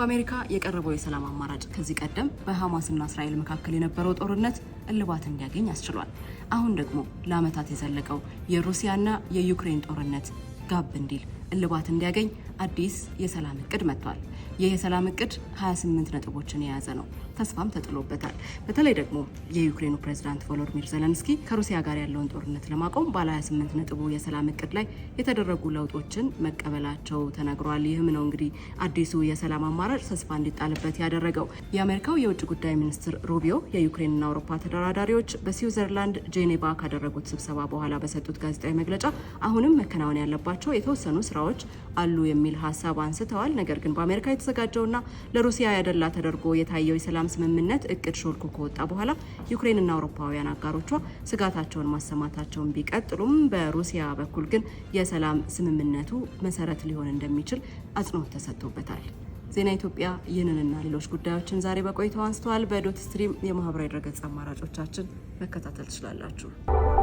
በአሜሪካ የቀረበው የሰላም አማራጭ ከዚህ ቀደም በሐማስና እስራኤል መካከል የነበረው ጦርነት እልባት እንዲያገኝ አስችሏል። አሁን ደግሞ ለዓመታት የዘለቀው የሩሲያና የዩክሬን ጦርነት ጋብ እንዲል እልባት እንዲያገኝ አዲስ የሰላም እቅድ መጥቷል። ይህ የሰላም እቅድ 28 ነጥቦችን የያዘ ነው። ተስፋም ተጥሎበታል። በተለይ ደግሞ የዩክሬኑ ፕሬዝዳንት ቮሎዲሚር ዘለንስኪ ከሩሲያ ጋር ያለውን ጦርነት ለማቆም ባለ 28 ነጥቡ የሰላም እቅድ ላይ የተደረጉ ለውጦችን መቀበላቸው ተነግሯል። ይህም ነው እንግዲህ አዲሱ የሰላም አማራጭ ተስፋ እንዲጣልበት ያደረገው። የአሜሪካው የውጭ ጉዳይ ሚኒስትር ሩቢዮ የዩክሬንና አውሮፓ ተደራዳሪዎች በስዊዘርላንድ ጄኔቫ ካደረጉት ስብሰባ በኋላ በሰጡት ጋዜጣዊ መግለጫ አሁንም መከናወን ያለባቸው ያላቸው የተወሰኑ ስራዎች አሉ የሚል ሀሳብ አንስተዋል። ነገር ግን በአሜሪካ የተዘጋጀውና ለሩሲያ ያደላ ተደርጎ የታየው የሰላም ስምምነት እቅድ ሾልኮ ከወጣ በኋላ ዩክሬንና አውሮፓውያን አጋሮቿ ስጋታቸውን ማሰማታቸውን ቢቀጥሉም በሩሲያ በኩል ግን የሰላም ስምምነቱ መሰረት ሊሆን እንደሚችል አጽንኦት ተሰጥቶበታል። ዜና ኢትዮጵያ ይህንንና ሌሎች ጉዳዮችን ዛሬ በቆይተው አንስተዋል። በዶት ስትሪም የማህበራዊ ድረገጽ አማራጮቻችን መከታተል ትችላላችሁ።